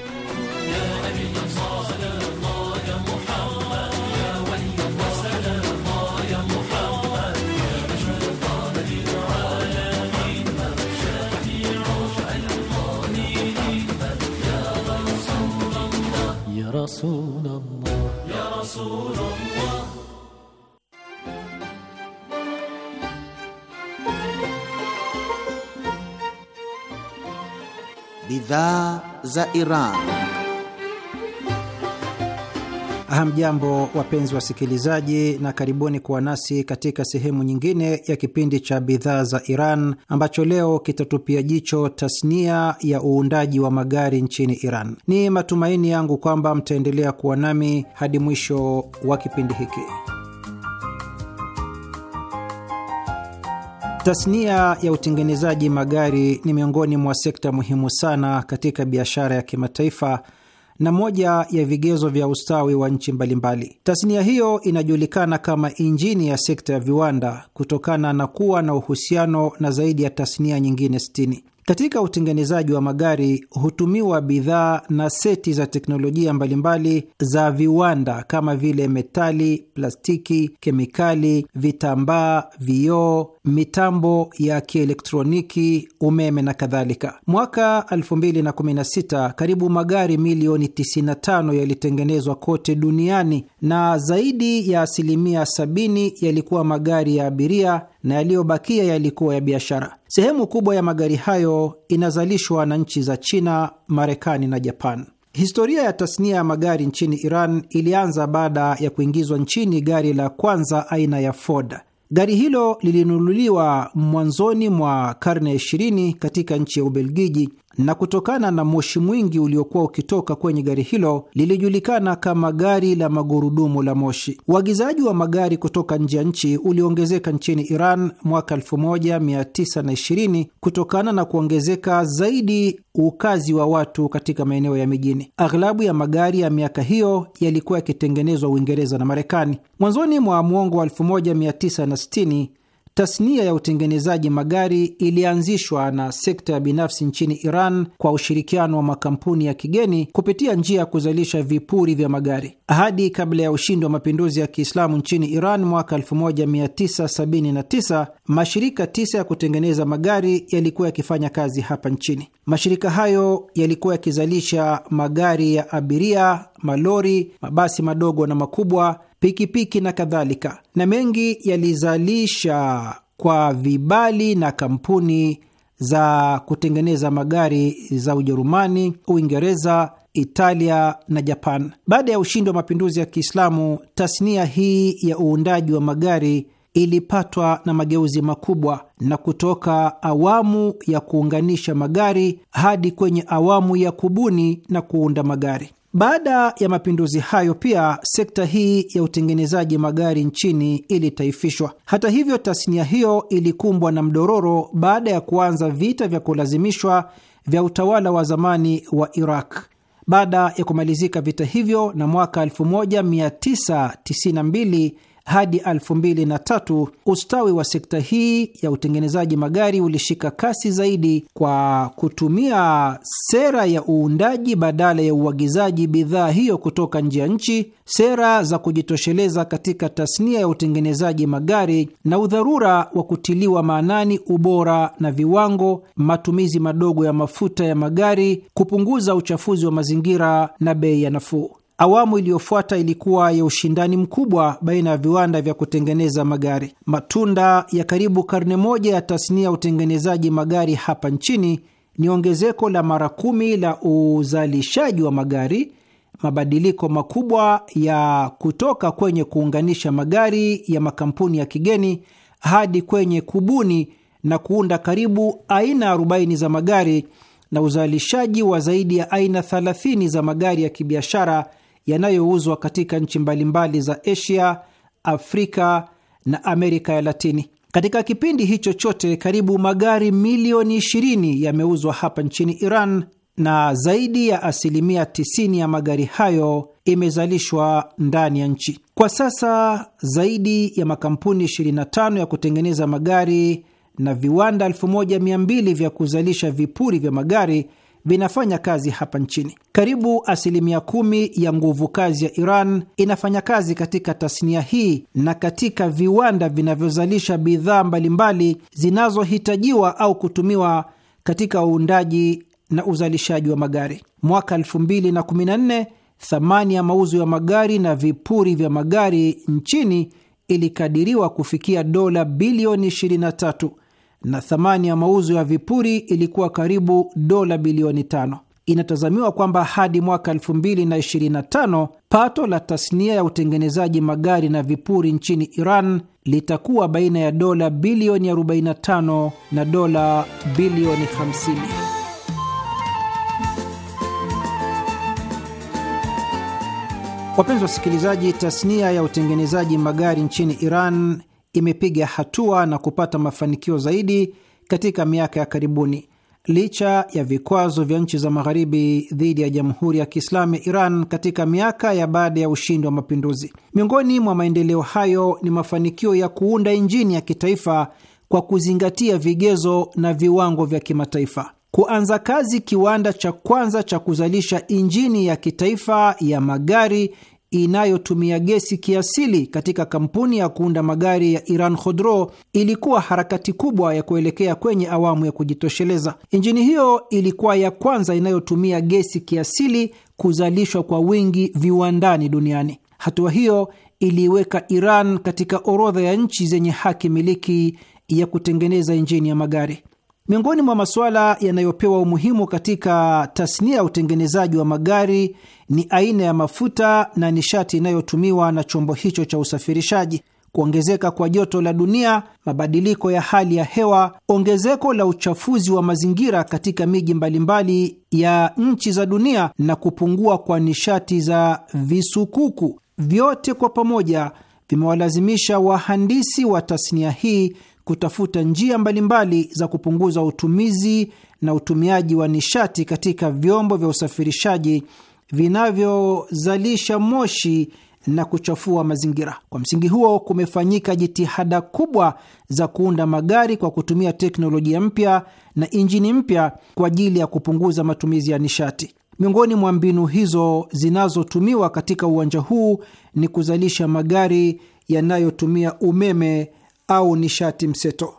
bidhaa za Iran. Hamjambo, wapenzi wasikilizaji, na karibuni kuwa nasi katika sehemu nyingine ya kipindi cha bidhaa za Iran ambacho leo kitatupia jicho tasnia ya uundaji wa magari nchini Iran. Ni matumaini yangu kwamba mtaendelea kuwa nami hadi mwisho wa kipindi hiki. Tasnia ya utengenezaji magari ni miongoni mwa sekta muhimu sana katika biashara ya kimataifa na moja ya vigezo vya ustawi wa nchi mbalimbali. Tasnia hiyo inajulikana kama injini ya sekta ya viwanda kutokana na kuwa na uhusiano na zaidi ya tasnia nyingine katika utengenezaji wa magari hutumiwa bidhaa na seti za teknolojia mbalimbali za viwanda kama vile metali, plastiki, kemikali, vitambaa, vioo, mitambo ya kielektroniki, umeme na kadhalika. Mwaka 2016 karibu magari milioni 95 yalitengenezwa kote duniani na zaidi ya asilimia 70 yalikuwa magari ya abiria na yaliyobakia yalikuwa ya biashara. Sehemu kubwa ya magari hayo inazalishwa na nchi za China, Marekani na Japan. Historia ya tasnia ya magari nchini Iran ilianza baada ya kuingizwa nchini gari la kwanza aina ya Ford. Gari hilo lilinunuliwa mwanzoni mwa karne ya 20 katika nchi ya Ubelgiji na kutokana na moshi mwingi uliokuwa ukitoka kwenye gari hilo lilijulikana kama gari la magurudumu la moshi. Uagizaji wa magari kutoka nje ya nchi uliongezeka nchini Iran mwaka 1920 kutokana na kuongezeka zaidi ukazi wa watu katika maeneo ya mijini. Aghlabu ya magari ya miaka hiyo yalikuwa yakitengenezwa Uingereza na Marekani. Mwanzoni mwa mwongo wa 1960 Tasnia ya utengenezaji magari ilianzishwa na sekta ya binafsi nchini Iran kwa ushirikiano wa makampuni ya kigeni kupitia njia ya kuzalisha vipuri vya magari. Hadi kabla ya ushindi wa mapinduzi ya Kiislamu nchini Iran mwaka 1979, mashirika tisa ya kutengeneza magari yalikuwa yakifanya kazi hapa nchini. Mashirika hayo yalikuwa yakizalisha magari ya abiria, malori, mabasi madogo na makubwa pikipiki na kadhalika, na mengi yalizalisha kwa vibali na kampuni za kutengeneza magari za Ujerumani, Uingereza, Italia na Japan. Baada ya ushindi wa mapinduzi ya Kiislamu, tasnia hii ya uundaji wa magari ilipatwa na mageuzi makubwa na kutoka awamu ya kuunganisha magari hadi kwenye awamu ya kubuni na kuunda magari. Baada ya mapinduzi hayo pia sekta hii ya utengenezaji magari nchini ilitaifishwa. Hata hivyo, tasnia hiyo ilikumbwa na mdororo baada ya kuanza vita vya kulazimishwa vya utawala wa zamani wa Iraq. Baada ya kumalizika vita hivyo na mwaka 1992 hadi 2003 ustawi wa sekta hii ya utengenezaji magari ulishika kasi zaidi kwa kutumia sera ya uundaji badala ya uagizaji bidhaa hiyo kutoka nje ya nchi, sera za kujitosheleza katika tasnia ya utengenezaji magari na udharura wa kutiliwa maanani ubora na viwango, matumizi madogo ya mafuta ya magari, kupunguza uchafuzi wa mazingira na bei ya nafuu. Awamu iliyofuata ilikuwa ya ushindani mkubwa baina ya viwanda vya kutengeneza magari. Matunda ya karibu karne moja ya tasnia ya utengenezaji magari hapa nchini ni ongezeko la mara kumi la uzalishaji wa magari, mabadiliko makubwa ya kutoka kwenye kuunganisha magari ya makampuni ya kigeni hadi kwenye kubuni na kuunda karibu aina 40 za magari na uzalishaji wa zaidi ya aina 30 za magari ya kibiashara yanayouzwa katika nchi mbalimbali za Asia, Afrika na Amerika ya Latini. Katika kipindi hicho chote, karibu magari milioni 20 yameuzwa hapa nchini Iran na zaidi ya asilimia 90 ya magari hayo imezalishwa ndani ya nchi. Kwa sasa zaidi ya makampuni 25 ya kutengeneza magari na viwanda 1200 vya kuzalisha vipuri vya magari vinafanya kazi hapa nchini. Karibu asilimia kumi ya nguvu kazi ya Iran inafanya kazi katika tasnia hii na katika viwanda vinavyozalisha bidhaa mbalimbali zinazohitajiwa au kutumiwa katika uundaji na uzalishaji wa magari. Mwaka 2014 thamani ya mauzo ya magari na vipuri vya magari nchini ilikadiriwa kufikia dola bilioni 23 na thamani ya mauzo ya vipuri ilikuwa karibu dola bilioni tano. Inatazamiwa kwamba hadi mwaka 2025 pato la tasnia ya utengenezaji magari na vipuri nchini Iran litakuwa baina ya dola bilioni 45 na dola bilioni 50. Wapenzi wasikilizaji, tasnia ya utengenezaji magari nchini Iran imepiga hatua na kupata mafanikio zaidi katika miaka ya karibuni licha ya vikwazo vya nchi za magharibi dhidi ya Jamhuri ya Kiislamu ya Iran katika miaka ya baada ya ushindi wa mapinduzi. Miongoni mwa maendeleo hayo ni mafanikio ya kuunda injini ya kitaifa kwa kuzingatia vigezo na viwango vya kimataifa, kuanza kazi kiwanda cha kwanza cha kuzalisha injini ya kitaifa ya magari inayotumia gesi kiasili katika kampuni ya kuunda magari ya Iran Khodro ilikuwa harakati kubwa ya kuelekea kwenye awamu ya kujitosheleza. Injini hiyo ilikuwa ya kwanza inayotumia gesi kiasili kuzalishwa kwa wingi viwandani duniani. Hatua hiyo iliiweka Iran katika orodha ya nchi zenye haki miliki ya kutengeneza injini ya magari. Miongoni mwa masuala yanayopewa umuhimu katika tasnia ya utengenezaji wa magari ni aina ya mafuta na nishati inayotumiwa na chombo hicho cha usafirishaji. Kuongezeka kwa joto la dunia, mabadiliko ya hali ya hewa, ongezeko la uchafuzi wa mazingira katika miji mbalimbali ya nchi za dunia na kupungua kwa nishati za visukuku, vyote kwa pamoja vimewalazimisha wahandisi wa tasnia hii kutafuta njia mbalimbali za kupunguza utumizi na utumiaji wa nishati katika vyombo vya usafirishaji vinavyozalisha moshi na kuchafua mazingira. Kwa msingi huo, kumefanyika jitihada kubwa za kuunda magari kwa kutumia teknolojia mpya na injini mpya kwa ajili ya kupunguza matumizi ya nishati. Miongoni mwa mbinu hizo zinazotumiwa katika uwanja huu ni kuzalisha magari yanayotumia umeme au nishati mseto.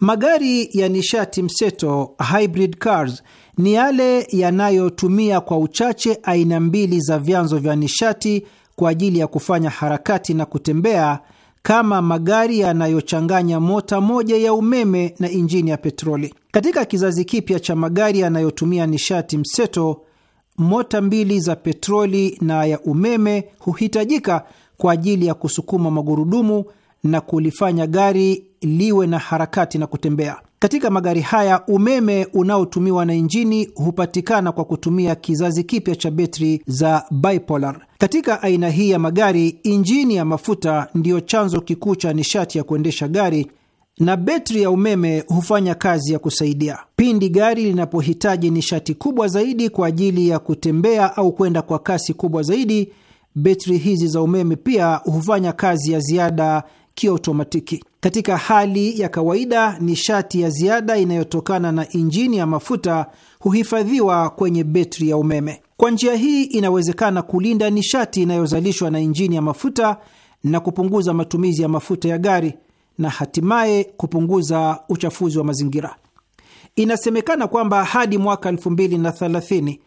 Magari ya nishati mseto hybrid cars ni yale yanayotumia kwa uchache aina mbili za vyanzo vya nishati kwa ajili ya kufanya harakati na kutembea kama magari yanayochanganya mota moja ya umeme na injini ya petroli. Katika kizazi kipya cha magari yanayotumia nishati mseto, mota mbili za petroli na ya umeme huhitajika kwa ajili ya kusukuma magurudumu na kulifanya gari liwe na harakati na kutembea. Katika magari haya umeme unaotumiwa na injini hupatikana kwa kutumia kizazi kipya cha betri za bipolar. Katika aina hii ya magari, injini ya mafuta ndiyo chanzo kikuu cha nishati ya kuendesha gari na betri ya umeme hufanya kazi ya kusaidia pindi gari linapohitaji nishati kubwa zaidi kwa ajili ya kutembea au kwenda kwa kasi kubwa zaidi. Betri hizi za umeme pia hufanya kazi ya ziada kiotomatiki. Katika hali ya kawaida, nishati ya ziada inayotokana na injini ya mafuta huhifadhiwa kwenye betri ya umeme. Kwa njia hii inawezekana kulinda nishati inayozalishwa na injini ya mafuta na kupunguza matumizi ya mafuta ya gari na hatimaye kupunguza uchafuzi wa mazingira. Inasemekana kwamba hadi mwaka 2030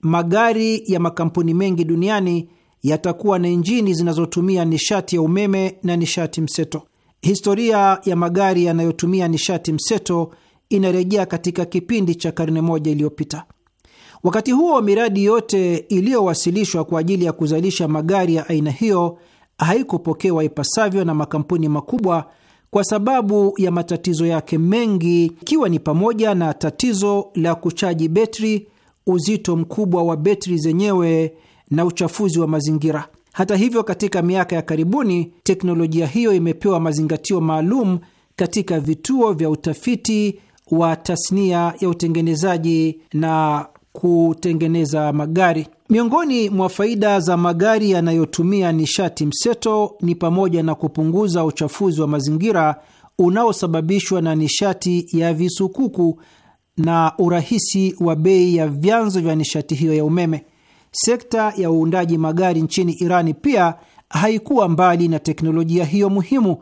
magari ya makampuni mengi duniani yatakuwa na injini zinazotumia nishati ya umeme na nishati mseto. Historia ya magari yanayotumia nishati mseto inarejea katika kipindi cha karne moja iliyopita. Wakati huo, miradi yote iliyowasilishwa kwa ajili ya kuzalisha magari ya aina hiyo haikupokewa ipasavyo na makampuni makubwa kwa sababu ya matatizo yake mengi, ikiwa ni pamoja na tatizo la kuchaji betri, uzito mkubwa wa betri zenyewe na uchafuzi wa mazingira. Hata hivyo, katika miaka ya karibuni teknolojia hiyo imepewa mazingatio maalum katika vituo vya utafiti wa tasnia ya utengenezaji na kutengeneza magari. Miongoni mwa faida za magari yanayotumia nishati mseto ni pamoja na kupunguza uchafuzi wa mazingira unaosababishwa na nishati ya visukuku na urahisi wa bei ya vyanzo vya nishati hiyo ya umeme. Sekta ya uundaji magari nchini Irani pia haikuwa mbali na teknolojia hiyo muhimu,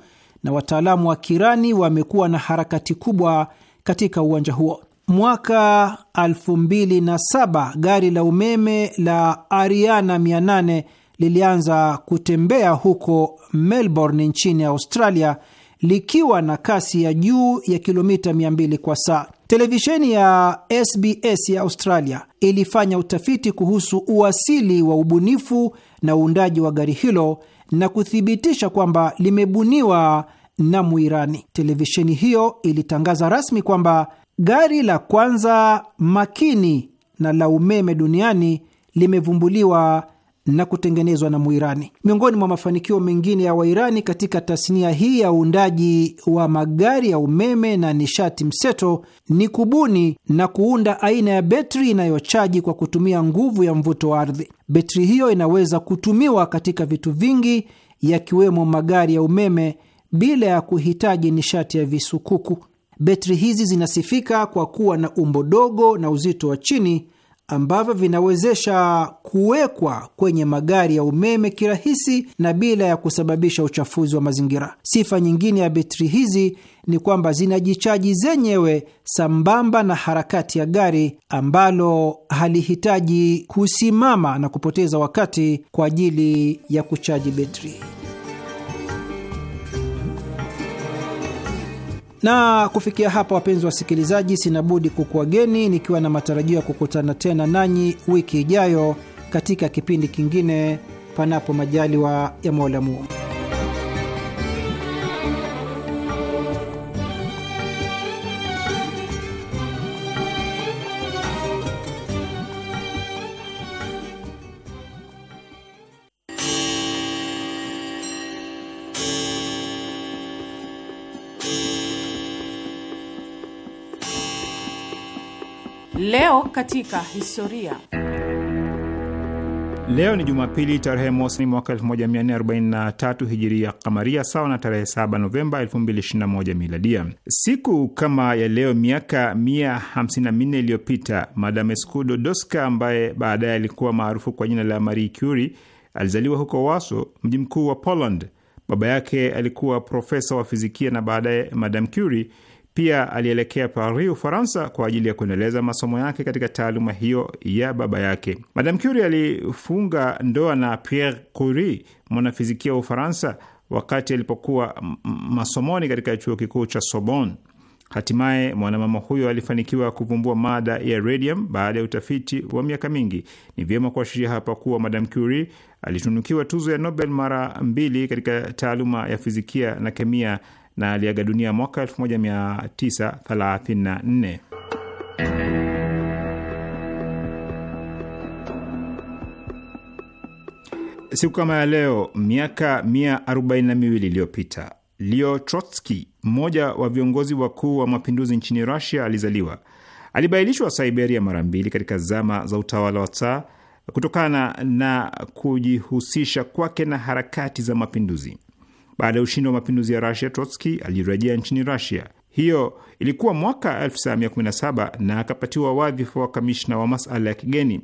na wataalamu wa Kirani wamekuwa na harakati kubwa katika uwanja huo. Mwaka 2007 gari la umeme la Ariana 800 lilianza kutembea huko Melbourne nchini Australia likiwa na kasi ya juu ya kilomita 200 kwa saa. Televisheni ya SBS ya Australia ilifanya utafiti kuhusu uasili wa ubunifu na uundaji wa gari hilo na kuthibitisha kwamba limebuniwa na Mwirani. Televisheni hiyo ilitangaza rasmi kwamba gari la kwanza makini na la umeme duniani limevumbuliwa na kutengenezwa na Mwirani. Miongoni mwa mafanikio mengine ya Wairani katika tasnia hii ya uundaji wa magari ya umeme na nishati mseto ni kubuni na kuunda aina ya betri inayochaji kwa kutumia nguvu ya mvuto wa ardhi. Betri hiyo inaweza kutumiwa katika vitu vingi, yakiwemo magari ya umeme bila ya kuhitaji nishati ya visukuku. Betri hizi zinasifika kwa kuwa na umbo dogo na uzito wa chini ambavyo vinawezesha kuwekwa kwenye magari ya umeme kirahisi na bila ya kusababisha uchafuzi wa mazingira. Sifa nyingine ya betri hizi ni kwamba zinajichaji zenyewe sambamba na harakati ya gari ambalo halihitaji kusimama na kupoteza wakati kwa ajili ya kuchaji betri. Na kufikia hapa, wapenzi wasikilizaji, sinabudi wageni nikiwa na matarajio ya kukutana tena nanyi wiki ijayo katika kipindi kingine, panapo majaliwa ya Mola Mungu. Leo katika historia. Leo ni Jumapili tarehe mosi mwaka 1443 hijiria kamaria, sawa na tarehe 7 Novemba 2021 miladia. Siku kama ya leo miaka 154 iliyopita, Madame doska ambaye baadaye alikuwa maarufu kwa jina la Marie Curie alizaliwa huko waso mji mkuu wa Poland. Baba yake alikuwa profesa wa fizikia na baadaye Madame Curie pia alielekea Paris, Ufaransa, kwa ajili ya kuendeleza masomo yake katika taaluma hiyo ya baba yake. madam Curie alifunga ndoa na Pierre Curie, mwanafizikia wa Ufaransa, wakati alipokuwa masomoni katika chuo kikuu cha Sorbonne. Hatimaye mwanamama huyo alifanikiwa kuvumbua mada ya radium baada ya utafiti wa miaka mingi. Ni vyema kuashiria hapa kuwa madam Curie alitunukiwa tuzo ya Nobel mara mbili katika taaluma ya fizikia na kemia na aliaga dunia mwaka 1934. Siku kama ya leo miaka miwili iliyopita Leo Trotsky, mmoja wa viongozi wakuu wa mapinduzi nchini Rusia, alizaliwa. Alibailishwa Siberia mara mbili katika zama za utawala wa Tsar kutokana na kujihusisha kwake na harakati za mapinduzi. Baada ya ushindi wa mapinduzi ya Rusia, Trotski alirejea nchini Rusia. Hiyo ilikuwa mwaka 1917 na akapatiwa wadhifa wa kamishna wa masala ya kigeni.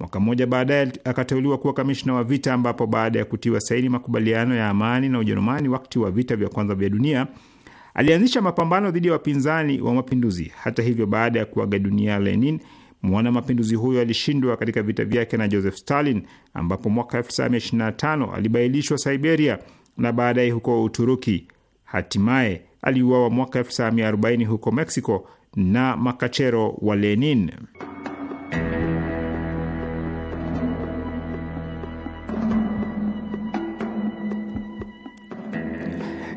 Mwaka mmoja baadaye akateuliwa kuwa kamishna wa vita, ambapo baada ya kutiwa saini makubaliano ya amani na Ujerumani wakati wa vita vya kwanza vya dunia alianzisha mapambano dhidi ya wapinzani wa mapinduzi. Hata hivyo, baada ya kuaga dunia Lenin, mwana mapinduzi huyo alishindwa katika vita vyake na Joseph Stalin, ambapo mwaka 1925 alibailishwa Siberia na baadaye huko Uturuki. Hatimaye aliuawa mwaka 1940 huko Mexico na makachero wa Lenin.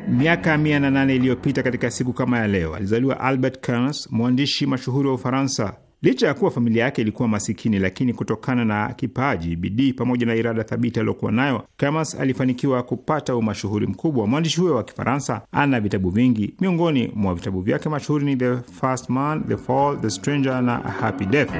Miaka 108 iliyopita katika siku kama ya leo alizaliwa Albert Camus, mwandishi mashuhuri wa Ufaransa. Licha ya kuwa familia yake ilikuwa masikini, lakini kutokana na kipaji, bidii pamoja na irada thabiti aliyokuwa nayo, Camus alifanikiwa kupata umashuhuri mkubwa. Mwandishi huyo wa Kifaransa ana vitabu vingi. Miongoni mwa vitabu vyake mashuhuri ni The First Man, The Fall, The Stranger na Happy Death.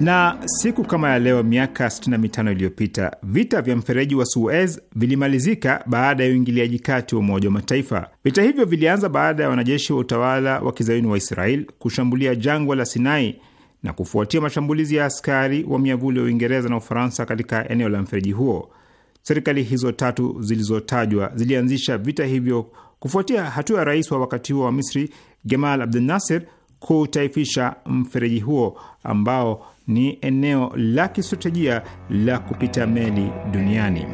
Na siku kama ya leo miaka 65 iliyopita vita vya mfereji wa Suez vilimalizika baada ya uingiliaji kati wa Umoja wa Mataifa. Vita hivyo vilianza baada ya wanajeshi wa utawala wa kizayuni wa Israel kushambulia jangwa la Sinai na kufuatia mashambulizi ya askari wa miavuli wa Uingereza na Ufaransa katika eneo la mfereji huo. Serikali hizo tatu zilizotajwa zilianzisha vita hivyo kufuatia hatua ya rais wa wakati huo wa Misri Gamal Abdel Nasser kutaifisha mfereji huo ambao ni eneo la kistratejia la kupita meli duniani.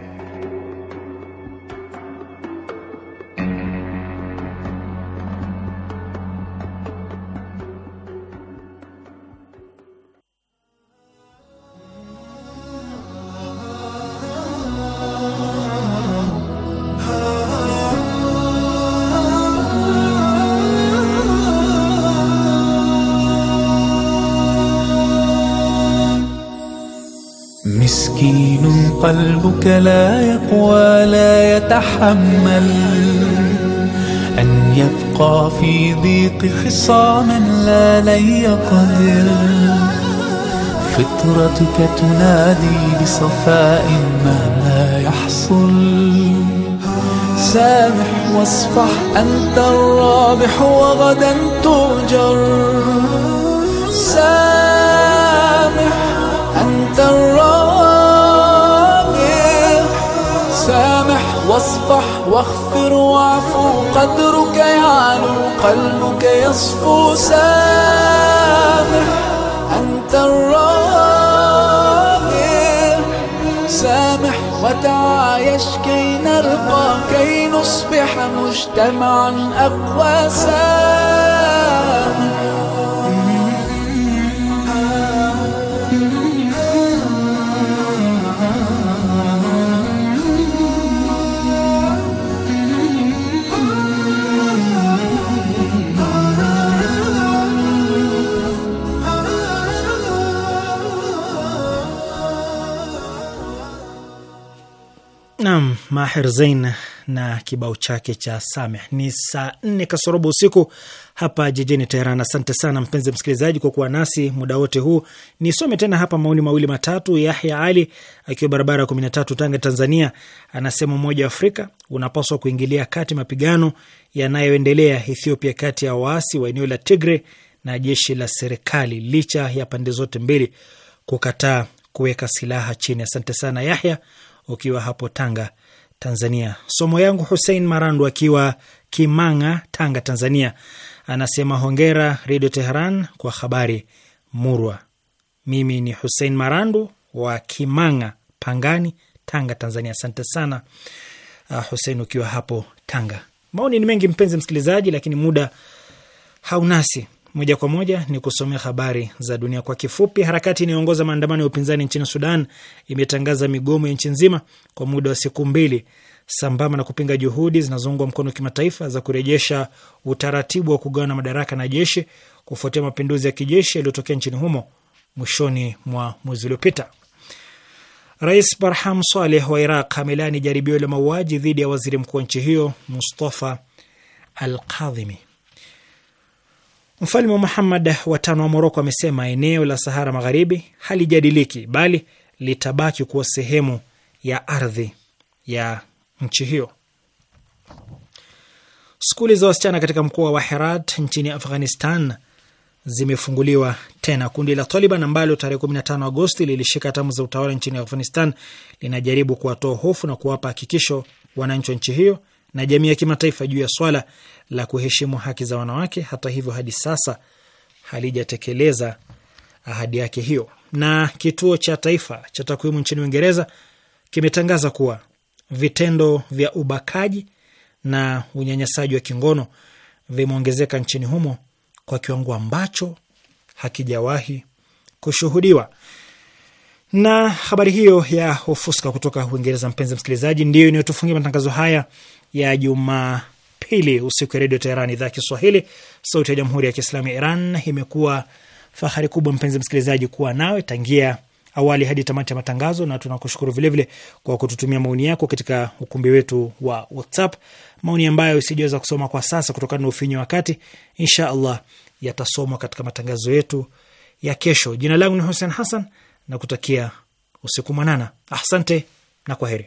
يتحمل أن يبقى في ضيق خصام لا لن يقدر فطرتك تنادي بصفاء مهما يحصل سامح واصفح أنت الرابح وغدا تؤجر وافضح واغفر واعفو قدرك يعلو قلبك يصفو سامح أنت الرابر سامح وتعايش كي نرقى كي نصبح مجتمعا أقوى سامح Maher Zain na kibao chake cha Sameh. Ni saa nne kasorobo usiku hapa jijini Teheran. Asante sana mpenzi msikilizaji kwa kuwa nasi muda wote huu. Nisome tena hapa maoni mawili matatu. Yahya Ali akiwa barabara ya kumi na tatu, Tanga, Tanzania, anasema Umoja wa Afrika unapaswa kuingilia kati mapigano yanayoendelea Ethiopia kati ya waasi wa eneo la Tigre na jeshi la serikali licha ya pande zote mbili kukataa kuweka silaha chini. Asante sana Yahya ukiwa hapo Tanga, Tanzania. Somo yangu Hussein Marandu akiwa Kimang'a, Tanga, Tanzania, anasema hongera Redio Teheran kwa habari murwa. Mimi ni Hussein Marandu wa Kimang'a, Pangani, Tanga, Tanzania. Asante sana uh, Hussein ukiwa hapo Tanga. Maoni ni mengi mpenzi msikilizaji, lakini muda haunasi moja kwa moja ni kusomea habari za dunia kwa kifupi. Harakati inayoongoza maandamano ya upinzani nchini Sudan imetangaza migomo ya nchi nzima kwa muda wa siku mbili sambamba na kupinga juhudi zinazoungwa mkono kimataifa za kurejesha utaratibu wa kugawana madaraka na jeshi kufuatia mapinduzi ya kijeshi yaliyotokea nchini humo mwishoni mwa mwezi uliopita. Rais Barham Saleh wa Iraq amelaani jaribio la mauaji dhidi ya waziri mkuu wa nchi hiyo Mustafa Alkadhimi. Mfalme wa Muhammad tano wa Moroko amesema eneo la Sahara Magharibi halijadiliki bali litabaki kuwa sehemu ya ardhi ya nchi hiyo. Skuli za wasichana katika mkoa wa Herat nchini Afghanistan zimefunguliwa tena. Kundi la Taliban ambalo tarehe 15 Agosti lilishika hatamu za utawala nchini Afghanistan linajaribu kuwatoa hofu na kuwapa hakikisho wananchi wa nchi hiyo na jamii ya kimataifa juu ya swala la kuheshimu haki za wanawake. Hata hivyo, hadi sasa halijatekeleza ahadi yake hiyo. Na kituo cha taifa cha takwimu nchini Uingereza kimetangaza kuwa vitendo vya ubakaji na unyanyasaji wa kingono vimeongezeka nchini humo kwa kiwango ambacho hakijawahi kushuhudiwa. Na habari hiyo ya ufuska kutoka Uingereza, mpenzi msikilizaji, ndiyo inayotufungia matangazo haya ya Jumapili usiku ya Redio Teheran, idhaa ya Kiswahili, sauti ya Jamhuri ya Kiislamu ya Iran. Imekuwa fahari kubwa, mpenzi msikilizaji, kuwa nawe tangia awali hadi tamati ya matangazo, na tunakushukuru vilevile kwa kututumia maoni yako katika ukumbi wetu wa WhatsApp, maoni ambayo sijaweza kusoma kwa sasa kutokana na ufinyu wa wakati. Insha Allah yatasomwa katika matangazo yetu ya kesho. Jina langu ni Hussein Hassan na kutakia usiku mwanana. Asante na kwa heri.